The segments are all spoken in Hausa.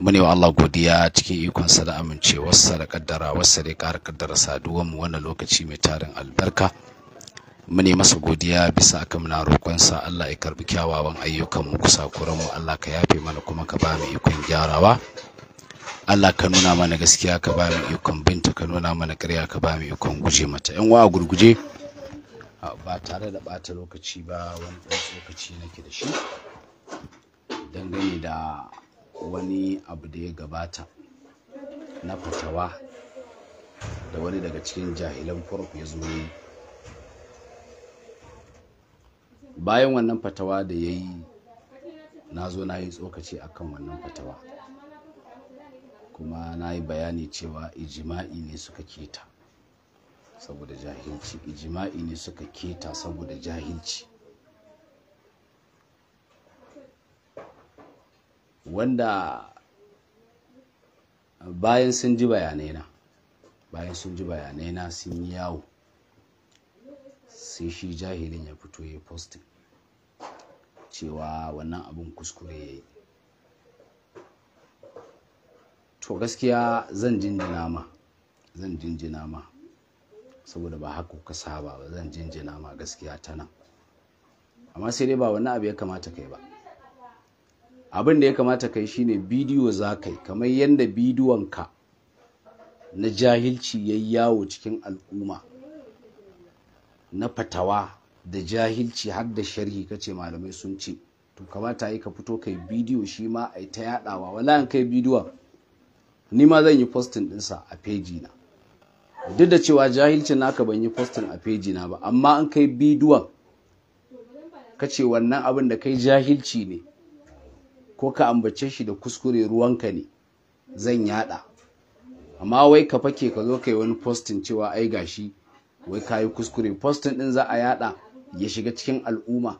mune wa Allah godiya cikin ikonsa da amincewarsa da kaddara wasa da ƙara kaddara saduwanmu wannan lokaci mai tarin albarka mune masa godiya bisa akan muna roƙonsa Allah ya karbi kyawawan ayyukanmu kusa kuranmu Allah ka yafe mana kuma ka ba mu ikon gyarawa Allah ka nuna mana gaskiya ka ba mu ikon binta ka nuna mana ƙarya ka ba mu ikon guje mata yan wa gurguje ba tare da bata lokaci ba wani lokaci nake da shi dangane da wani abu da ya gabata na fatawa da wani daga cikin jahilan kwarku ya zo yi bayan wannan fatawa da ya yi na zo na yi tsokaci akan wannan fatawa kuma na yi bayani cewa ijima'i ne suka keta saboda jahilci ijima'i ne suka keta saboda jahilci wanda bayan sun ji bayanai na bayan sun ji bayanai sun yi yawo sai shi jahilin ya fito ya posting cewa wannan abin kuskure ya yi to gaskiya zan jinjina ma zan jinjina ma saboda ba haka ka saba ba zan jinjina ma gaskiya ta nan amma sai dai ba wani abu ya kamata kai ba abin da ya kamata kai shine bidiyo za kai kamar yadda bidiyonka na jahilci ya yawo cikin al'umma na fatawa da jahilci har da sharhi kace malamai sun ce to kamata yi ka fito kai bidiyo shi ma a yi ta yadawa wala an kai bidiyon ni ma zan yi postin dinsa a feji na duk da cewa jahilcin naka ban yi postin a feji na ba amma an kai bidiyon kace wannan abin da kai jahilci ne ko ka ambace shi da kuskure ruwanka ne zan yada amma wai ka fake ka zo kai wani postin cewa ai gashi wai ka yi kuskure postin din za a yada ya shiga cikin al'umma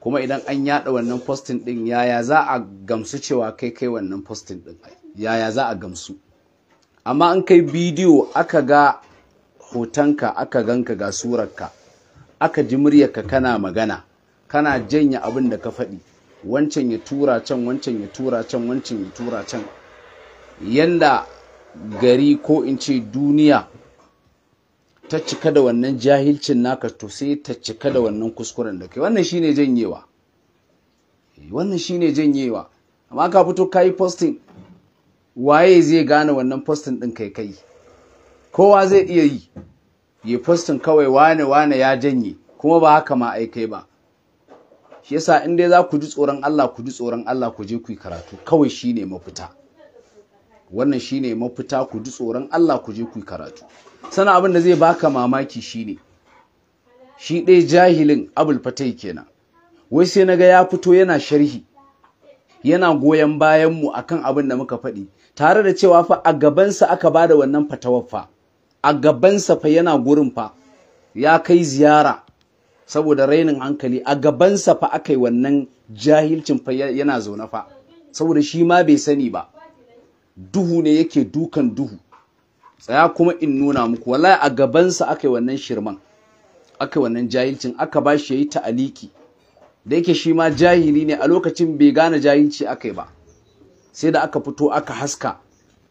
kuma idan an yada wannan postin din yaya za a gamsu cewa kai kai wannan postin din yaya za a gamsu amma an kai bidiyo aka ga hotonka aka ganka ga surarka aka ji muryarka kana magana kana janya abin da ka faɗi wancan ya tura can wancan ya tura can wancan ya tura can yanda gari ko in ce duniya ta cika da wannan jahilcin naka to sai ta cika da wannan kuskuren da kai wannan shine janyewa eh, wannan shine janyewa amma ka fito kayi waye zai gane wannan posting ɗin kai kai kowa zai iya yi ya posting kawai wane wane ya janye kuma ba haka ma aikai ba shi yasa in dai za ku ji tsoron Allah ku ji tsoron Allah ku je ku yi karatu kawai shi ne mafita wannan shi ne mafita ku ji tsoron Allah ku je ku yi karatu sana abin da zai baka mamaki shine shi ɗaya jahilin abul fatai kenan wai sai na ga ya fito yana sharhi yana goyon bayan mu akan abin da muka faɗi tare da cewa fa a gabansa aka bada wannan fatawar fa a gabansa fa yana gurin fa ya kai ziyara saboda rainin hankali a gabansa fa aka yi wannan jahilcin fa yana zaune fa saboda shi ma bai sani ba duhu ne yake dukan duhu tsaya kuma in nuna muku wallahi a gabansa aka yi wannan shirman aka yi wannan jahilcin aka ba shi yayi ta'aliki da yake shi ma jahili ne a lokacin bai gane jahilci aka yi ba sai da aka fito aka haska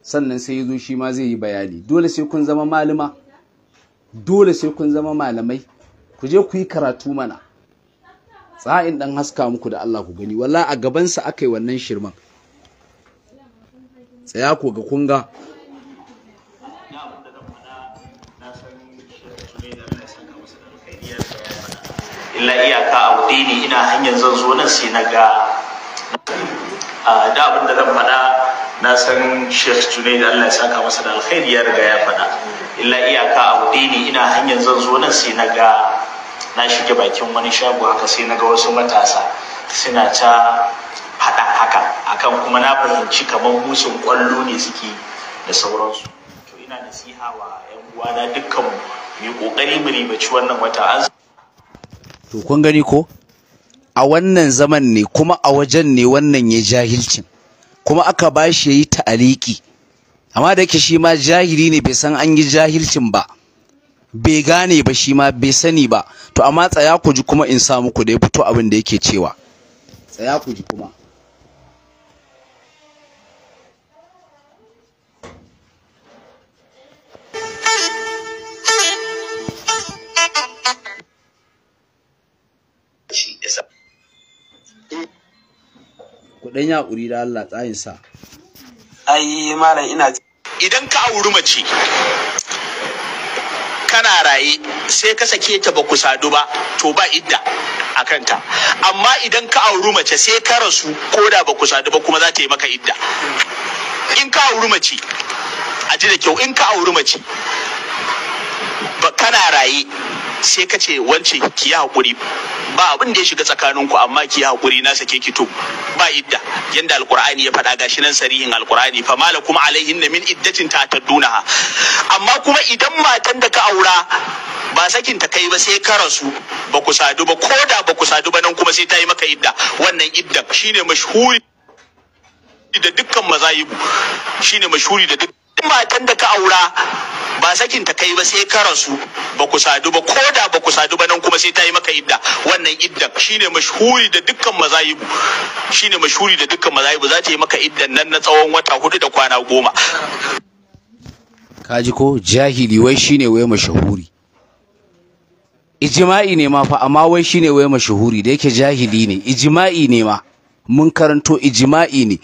sannan sai ya zo shi ma zai yi bayani dole sai kun zama malama dole sai kun zama malamai ku je ku yi karatu mana tsa'in dan haska muku da Allah ku gani wallahi a gaban aka yi wannan shirman tsaya ku ga kunga illa iyaka a wuɗe ne ina hanyar zan zo nan sai na ga da abin da zan faɗa na san sheikh tunai da allah ya saka masa da alkhairi ya riga ya faɗa illa iyaka a wuɗe ne ina hanyar zan zo nan sai na ga na shige bakin wani shago haka sai na ga wasu matasa suna ta haɗa haka akan kuma na fahimci kamar musun ƙwallo ne suke da sauransu to ina nasiha wa 'yan uwana dukkan mu ƙoƙari mu ribaci wannan wata an to kun gani ko a wannan zaman ne kuma a wajen ne wannan ya jahilcin kuma aka ba shi ya yi ta'aliki amma da yake shi ma jahili ne bai san an yi jahilcin ba bai gane ba shi ma bai sani ba to amma tsaya ku ji kuma in sa muku da ya fito abin da yake cewa tsaya ku ji kuma ya yaƙuri da Allah tsayin sa. Ai malam ina idan ka auri mace kana raye sai ka sake ta ba ku sadu ba to ba idda a kanta amma idan ka auri mace sai ka rasu ko da ba ku sadu ba kuma za ta yi maka idda in ka auri mace a ji da kyau in ka auri mace ba kana raye sai ka ce wance ki hakuri ba abin da ya shiga ku amma ki hakuri na sake ki to ba idda yanda alqur'ani ya faɗa gashi nan sarihin alqur'ani fa malakum na min iddatin ta'taddunaha amma kuma idan matan da ka aura ba sakin ta kai ba sai ka rasu ba ku sadu ba ko da ba ku sadu ba nan kuma sai ta yi maka idda wannan idda shine mashhuri da dukkan mazayibu shine mashhuri da dukkan matan da ka aura ba sakin ta kai ba sai ka rasu ba ku sadu ba ko da ba ku sadu ba nan kuma sai ta yi maka idda wannan idda shine mashhuri da dukkan mazayibu shine mashhuri da dukkan mazayibu za ta yi maka iddan nan na tsawon wata hudu da kwana goma kaji ko jahili wai shine wai mashahuri ijma'i ne ma fa amma wai shine wai mashahuri da yake jahili ne ijma'i ne ma mun karanto ijma'i ne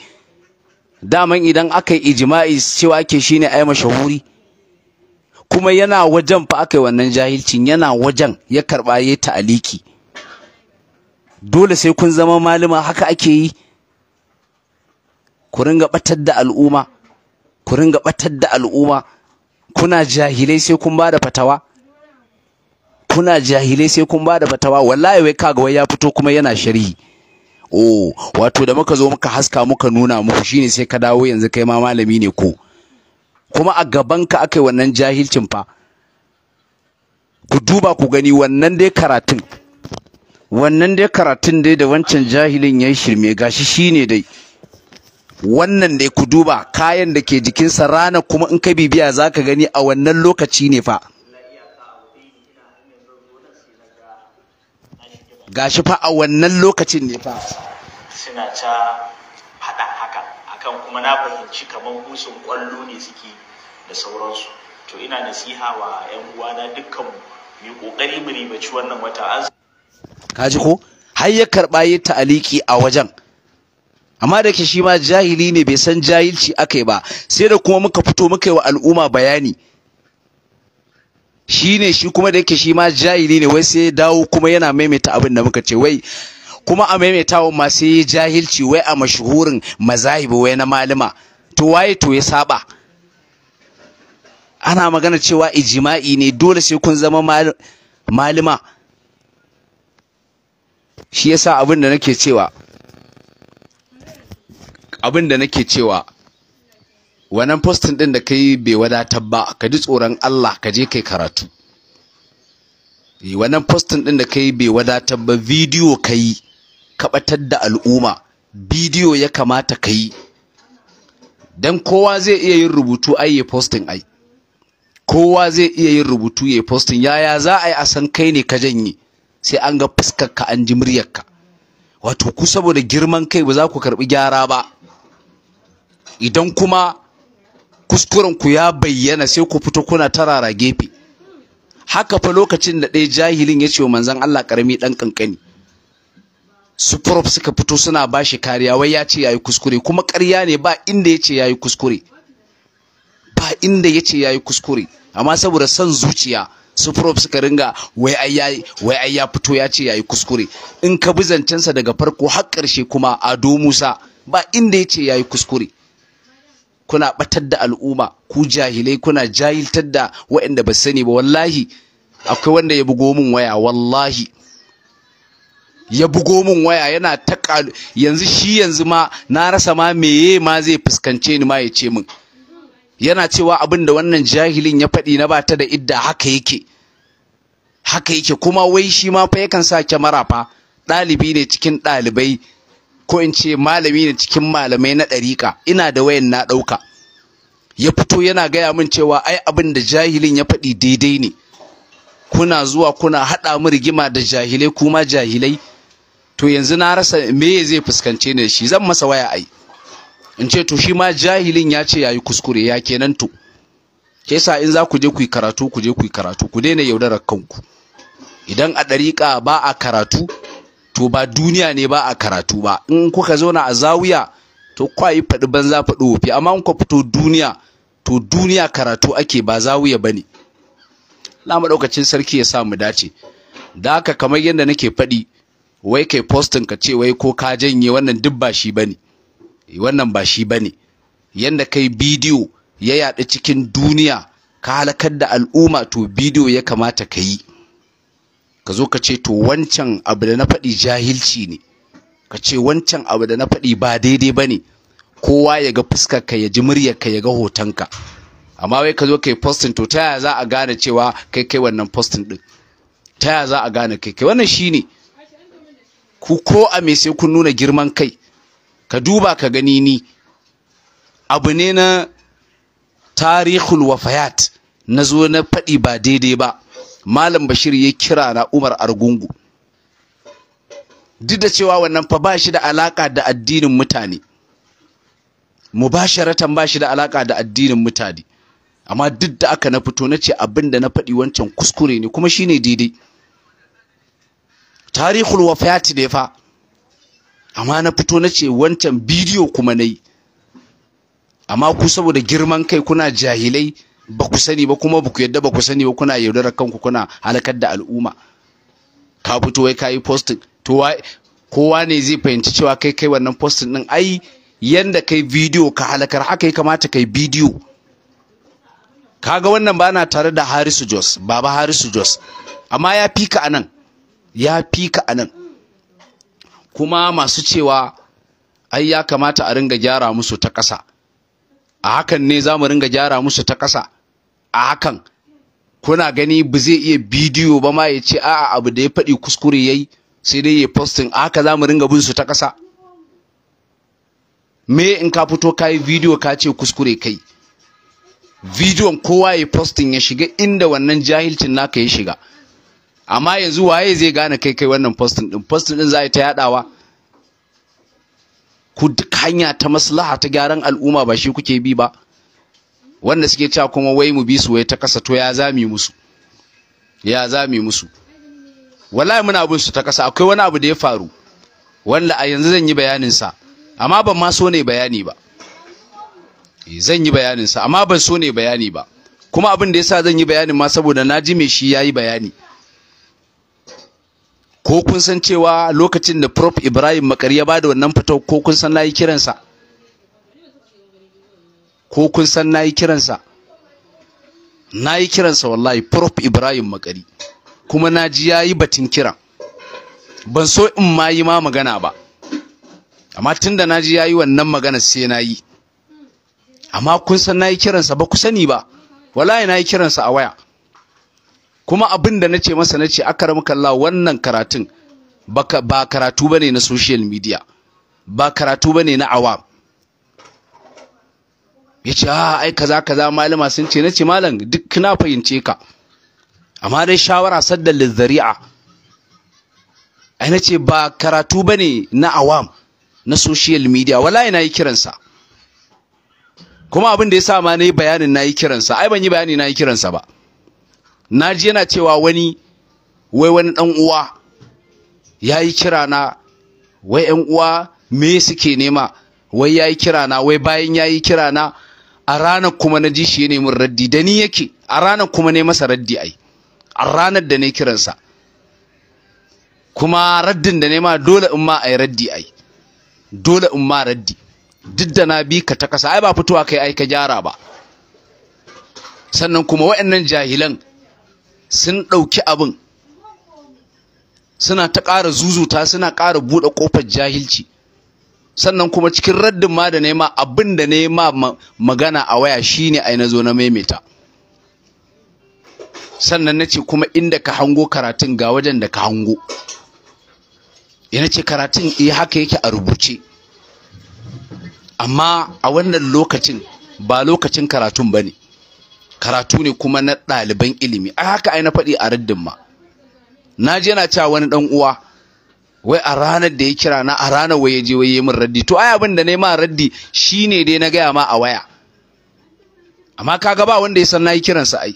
daman idan aka yi ijma'i cewa ake shine ai mashahuri kuma yana wajen fa aka yi wannan jahilcin yana wajen ya karɓa ya ta'aliki dole sai kun zama malama haka ake yi ku ringa batar da al'umma ku ringa batar da al'umma kuna jahilai sai kun bada fatawa kuna jahilai sai kun bada fatawa wallahi wai kaga wai ya fito kuma yana sharhi oh wato da muka zo muka haska muka nuna muku shine sai ka dawo yanzu kai ma malami ne ko kuma a gabanka aka yi wannan jahilcin fa ku duba ku gani wannan dai karatun wannan dai karatun dai da wancan jahilin ya yi shirme gashi shine dai wannan dai ku duba kayan da ke jikinsa rana kuma in ka bibiya za ka gani a wannan lokaci ne fa gashi fa a wannan lokacin ne fa suna ta faɗa haka akan kuma na fahimci kamar musun ƙwallo ne suke yi da sauransu to ina nasiha wa 'yan uwana dukkan mu kokari mu ribaci wannan wata az kaji ko har ya karba yi ta'aliki a wajen amma da ke shi ma jahili ne bai san jahilci akai ba sai da kuma muka fito muka yi wa al'umma bayani shi ne shi kuma da yake shi ma jahili ne wai sai dawo kuma yana maimaita abin da muka ce wai kuma a maimaitawa ma sai jahilci wai a mashuhurin mazahibi wai na malama to waye to ya saba ana magana cewa ijima'i ne dole sai kun zama malima shi yasa abin da nake cewa abin da nake cewa wannan postin din da kai bai wadatar ba ka ji tsoron Allah ka je kai karatu eh, wannan postin din da kai bai wadatar ba bidiyo kai kabatar da al'umma bidiyo ya kamata kai dan kowa zai iya yin rubutu ai ya ai kowa zai iya yin rubutu ya postin yaya za a yi a san kai ne ka janye sai an ga fuskarka an ji muryarka wato ku saboda girman kai ba za ku karɓi gyara ba idan kuma kuskuren ku ya bayyana sai ku fito kuna tarara gefe haka fa lokacin da ɗaya jahilin ya ce wa manzon Allah karami ɗan kankani su prof suka fito suna bashi kariya wai ya ce yayi kuskure kuma ƙarya ne ba inda ya ce yayi kuskure ba inda yace yayi kuskure amma saboda son zuciya su prof suka ringa wai ai ya wai ai ya fito ya ce yayi kuskure in ka bi zancensa daga farko har ƙarshe kuma Ado Musa ba inda yace yayi kuskure kuna batar da al'umma ku jahilai kuna jahiltar da waɗanda ba sani ba wallahi akwai wanda ya bugo min waya wallahi ya bugo min waya yana ta yanzu shi yanzu ma na rasa ma meye ma zai fuskance ni ma ya ce min yana cewa abin da wannan jahilin ya faɗi na ba da idda haka yake haka yake kuma wai shi ma fa yakan sa kyamara fa ɗalibi ne cikin ɗalibai ko in ce malami ne cikin malamai na ɗariƙa ina da wayan na ɗauka ya fito yana gaya min cewa ai abin da jahilin ya faɗi daidai ne kuna zuwa kuna haɗa mu rigima da jahilai kuma jahilai to yanzu na rasa me zai fuskance ni da shi zan masa waya ai in ce to shi ma jahilin ya ce ya yi kuskure ya kenan to ke sa in za ku je ku yi karatu ku je ku yi karatu ku daina yaudarar kanku idan a ɗariƙa ba a karatu to ba duniya ne ba a karatu ba in kuka zauna a zawiya to kwa yi faɗi banza faɗi wofi amma in kuka fito duniya to duniya karatu ake ba zawuya ba ne Allah maɗaukacin sarki ya sa mu dace da haka kamar yadda nake faɗi wai kai postin ka ce wai ko ka janye wannan duk ba shi ba ne wannan ba shi bane yanda kai bidiyo ya yaɗa cikin duniya ka halakar da al'umma to bidiyo ya kamata ka yi ka zo ka ce to wancan abu da na faɗi jahilci ne ka ce wancan abu da na faɗi ba daidai ba ne kowa ya ga fuskar ka ya ji muryar ka ya ga hotonka amma wai ka zo ka yi postin to ta yaya za a gane cewa kai kai wannan postin ɗin ta yaya za a gane kai kai wannan shine ku ko a me sai kun nuna girman kai ka duba ka gani ni abu ne na tarihul wafayat na zo na faɗi ba daidai ba malam bashir ya kira na umar argungu duk da cewa wannan fa ba shi da alaka da addinin mutane mubasharatan ba shi da alaka da addinin mutane amma duk da aka na fito na ce abin da na faɗi wancan kuskure ne kuma shine daidai tarihul wafayat ne fa amma na fito na ce wancan bidiyo kuma na yi amma ku saboda girman kai kuna jahilai ba ku sani ba kuma ba ku yadda ba ku sani ba kuna yaudarar kanku kuna halakar da al'umma ka fito wai ka yi posting to kowa ne zai fahimci cewa kai kai wannan posting din ai yanda kai bidiyo ka halakar haka ya kamata kai bidiyo kaga wannan ba na tare da Harisu Jos baba Harisu Jos amma ya fika anan ya fika anan kuma masu cewa ai ya kamata a ringa gyara musu ta ƙasa a hakan ne za mu ringa gyara musu ta ƙasa a hakan kuna gani ba zai iya bidiyo ba ma ya ce a'a abu da ya faɗi kuskure yayi sai dai ya posting a haka za mu ringa bin su ta ƙasa me in ka fito ka yi bidiyo ka ce kuskure kai bidiyon kowa ya posting ya shiga inda wannan jahilcin naka ya shiga amma yanzu waye zai gane kai kai wannan posting din posting din za ta yadawa ku duk hanya ta maslaha ta gyaran al'umma ba shi kuke bi ba wanda suke cewa kuma wai mu bi su wai ta kasa to ya zami musu ya zami musu wallahi muna bin su ta kasa akwai wani abu da ya faru wanda a yanzu zan yi bayanin sa amma ban ma so ne bayani ba eh, zan yi bayanin sa amma ban so ne bayani ba kuma abin da yasa zan yi bayanin ma saboda na ji me shi yayi bayani ko kun san cewa lokacin da prof ibrahim makari ya bada wannan fito ko kun san nayi kiransa ko kun san nayi kiransa nayi kiransa wallahi prof ibrahim makari kuma na ji yayi batun kiran ban so in ma yi ma magana ba amma tunda na ji yayi wannan magana sai na yi amma kun san nayi kiransa ba ku sani ba wallahi nayi kiransa a waya kuma abin da nace masa nace akramaka Allah wannan karatun baka ba karatu bane na social media ba karatu bane na awam yace a ah, ai kaza kaza malama sun ce nace malam duk na fahimce ka amma dai shawara saddan lizzari'a ai nace ba karatu bane na awam na social media wallahi nayi kiransa kuma abin da yasa ma nayi bayanin nayi kiransa ai ban yi bayani nayi kiransa ba na ji yana cewa wani wai wani ɗan uwa ya yi kira na wai ‘yan uwa me suke nema wai ya yi kira na wai bayan ya yi kira na a ranar kuma na ji shi ya nemi raddi da ni yake a ranar kuma ne masa raddi ai a ranar da ne kiransa kuma raddin da nema dole in ma a yi raddi ai dole in ma raddi duk da na bi ka ta kasa ai ba fitowa kai ai ka gyara ba sannan kuma waɗannan jahilan sun ɗauki abin suna ta ƙara zuzuta suna ƙara buɗe ƙofar jahilci sannan kuma cikin raddin ma da nema abin da nema magana a waya shine ai na zo na maimaita sannan na ce kuma inda ka hango karatun ga wajen da ka hango ina ce karatun iya eh haka yake a rubuce amma a wannan lokacin ba lokacin karatun ba ne karatu ne kuma na ɗaliban ilimi a haka ai na faɗi a raddin ma na je na cewa wani ɗan uwa wai a ranar da ya kira na a ranar wai ya je wai ya min raddi to ai abin da na ma raddi shine dai na gaya ma a waya amma kaga ba wanda ya san na yi kiransa ai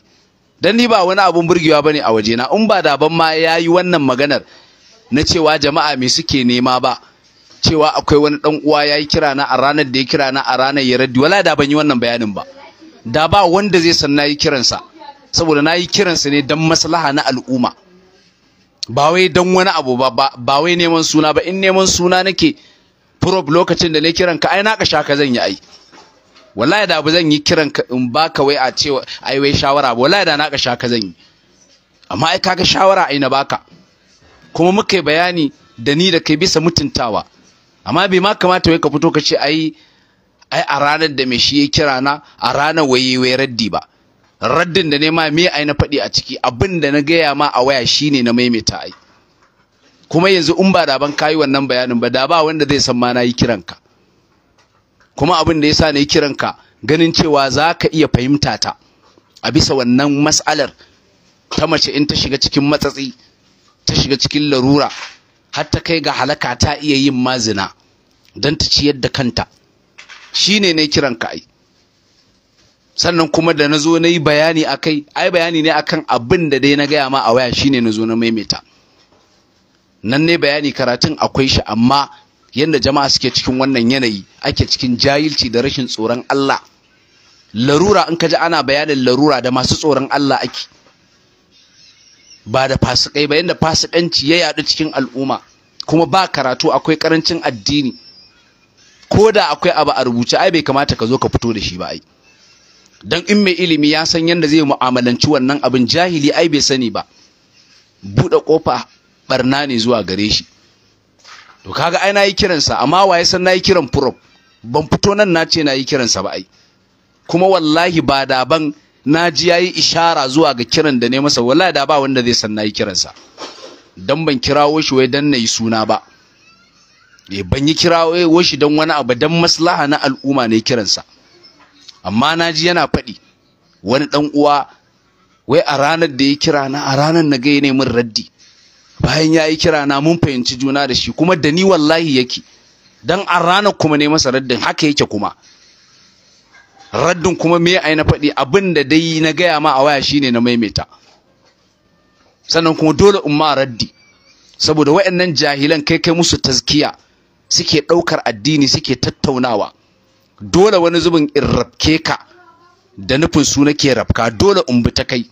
dan ni ba wani abun burgewa bane a waje na in ba da ban ma ya yi wannan maganar na cewa jama'a me suke nema ba cewa akwai wani ɗan uwa ya yi kira na a ranar da ya kira na a ranar ya raddi wala da ban yi wannan bayanin ba da ba wanda zai san nayi kiransa saboda nayi kiransa ne dan maslaha na al'umma ba wai dan wani abu ba ba wai neman suna ba in neman suna nake prob lokacin da ne kiran ka ai na ka shaka zan yi ai wallahi da abu zan yi kiran ka in baka wai a ce ai wai shawara ba wallahi da na ka shaka zan yi amma ai kaga shawara ai na baka kuma muka yi bayani da ni da kai bisa mutuntawa amma bai ma kamata wai ka fito ka ce ai ai a ranar da me shi ya kira na a ranar waye wai raddi ba raddin da ne ma me ai na faɗi a ciki abin da na gaya ma a waya shine na maimaita ai kuma yanzu in ba da ban kayi wannan bayanin ba da ba wanda zai san ma na yi kiranka kuma abin da yasa na yi kiranka ganin cewa za ka iya fahimta ta a bisa wannan mas'alar ta mace in ta shiga cikin matsatsi ta shiga cikin larura har ta kai ga halaka ta iya yin mazina don ta ciyar da kanta Shi ne kiran ka ai sannan kuma da nazo zo na yi bayani a kai ai bayani ne akan abin da dai na gaya ma a waya shine na zo na maimaita nan ne bayani karatun akwai shi amma yadda jama'a suke cikin wannan yanayi ake cikin jahilci da rashin tsoron Allah larura in ka ji ana bayanin larura da masu tsoron Allah ake ba da fasikai ba yadda fasikanci ya yaɗu cikin al'umma kuma ba karatu akwai karancin addini ko da akwai abu a rubuce ai bai kamata ka zo ka fito da shi ba ai dan in mai ilimi ya san yanda zai mu'amalanci wannan abin jahili ai bai sani ba buɗe ƙofa barna ne zuwa gare shi to kaga ai nayi kiransa amma waye san nayi kiran prof? ban fito nan na ce nayi kiransa ba ai kuma wallahi ba da ban na ji yayi ishara zuwa ga kiran da ne masa wallahi da ba wanda zai san nayi kiransa dan ban kirawo shi wai dan nayi suna ba Eh, ban yi kirawo woshi don wani abu Dan maslaha na al'umma ne kiransa amma na ji yana faɗi wani ɗan uwa wai a ranar da ya kira na a ranar na ga min raddi bayan ya yi kira na mun fahimci juna da shi kuma da ni wallahi yake don a ranar kuma ne masa raddin haka yake kuma raddin kuma me ai na faɗi abin da dai na gaya ma a waya shine na maimaita sannan kuma dole in ma raddi saboda waɗannan jahilan kai kai musu tazkiya suke ɗaukar addini suke tattaunawa dole wani zubin in rabke ka da nufin su nake rabka dole in bi ta kai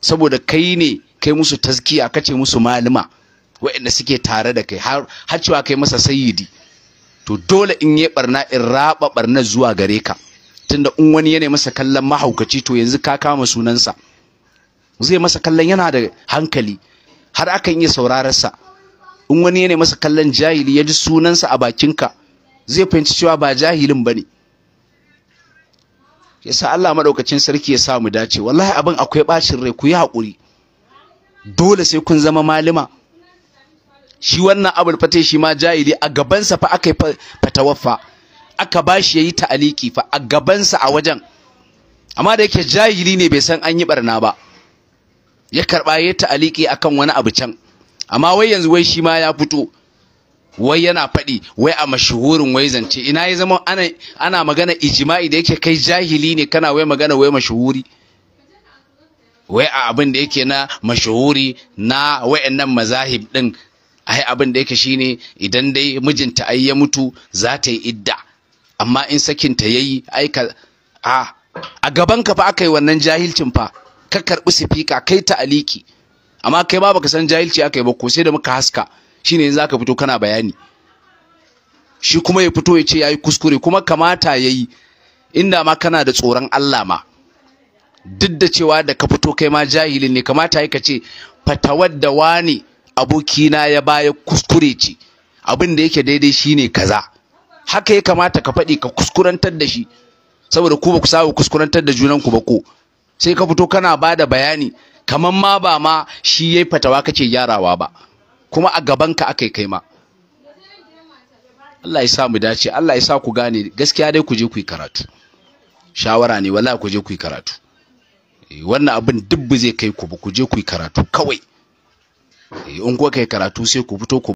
saboda kai ne kai musu taskiya kace musu malama waɗanda suke tare da kai har cewa kai masa sayidi, to dole in yi barna in raba barna zuwa gare ka tunda in wani yana masa kallon mahaukaci to yanzu ka kama sunansa zai masa kallon yana da hankali har akan iya saurararsa in wani yana masa kallon jahili ya ji sunansa a bakinka zai fahimci cewa ba jahilin bane yasa Allah maɗaukacin sarki ya sa mu dace wallahi abin akwai bacin rai ku yi haƙuri dole sai kun zama malima shi wannan abul fate shi ma jahili a gabansa fa aka fatawaffa aka bashi yayi ta'aliki fa a gabansa a wajen amma da yake jahili ne bai san an yi barna ba ya karba yayi ta'aliki akan wani abu can amma wai yanzu wai shi ma ya fito wai yana faɗi wai a mashuhurin wai zance ina ya zama ana, ana magana ijima'i da yake kai jahili ne kana wai magana wai mashuhuri wai a abin da yake na mashuhuri na wayannan mazahib din ai abin da yake shine idan dai mijinta ai ya mutu za ta yi idda amma in sakinta yayi ai ka a gaban ka fa aka yi wannan jahilcin fa ka karbi sifika kai ta aliki amma kai ba baka san jahilci aka yi ba ko sai da muka haska shine yanzu zaka fito kana bayani shi kuma ya fito ya ce yayi kuskure kuma kamata yayi inda ma kana da tsoron Allah ma duk da cewa da ka fito kai ma jahilin ne kamata yayi ka ce fatawar da wani abokina ya baya kuskure ce abin da yake daidai shine kaza haka ya kamata ka faɗi ka kuskurantar da shi saboda ku ba ku saba kuskurantar da junanku ba ko sai ka fito kana bada bayani kamar ma ba ma shi yayi fatawa kace yarawa ba kuma a gaban ka akai kai ma Allah ya sa mu dace Allah ya sa ku gane gaskiya dai ku je ku yi karatu shawara ne wallahi ku je ku yi karatu eh, wannan abin dubbu zai kai ku ku je ku yi karatu kawai eh, in kuka kai karatu sai ku fito ku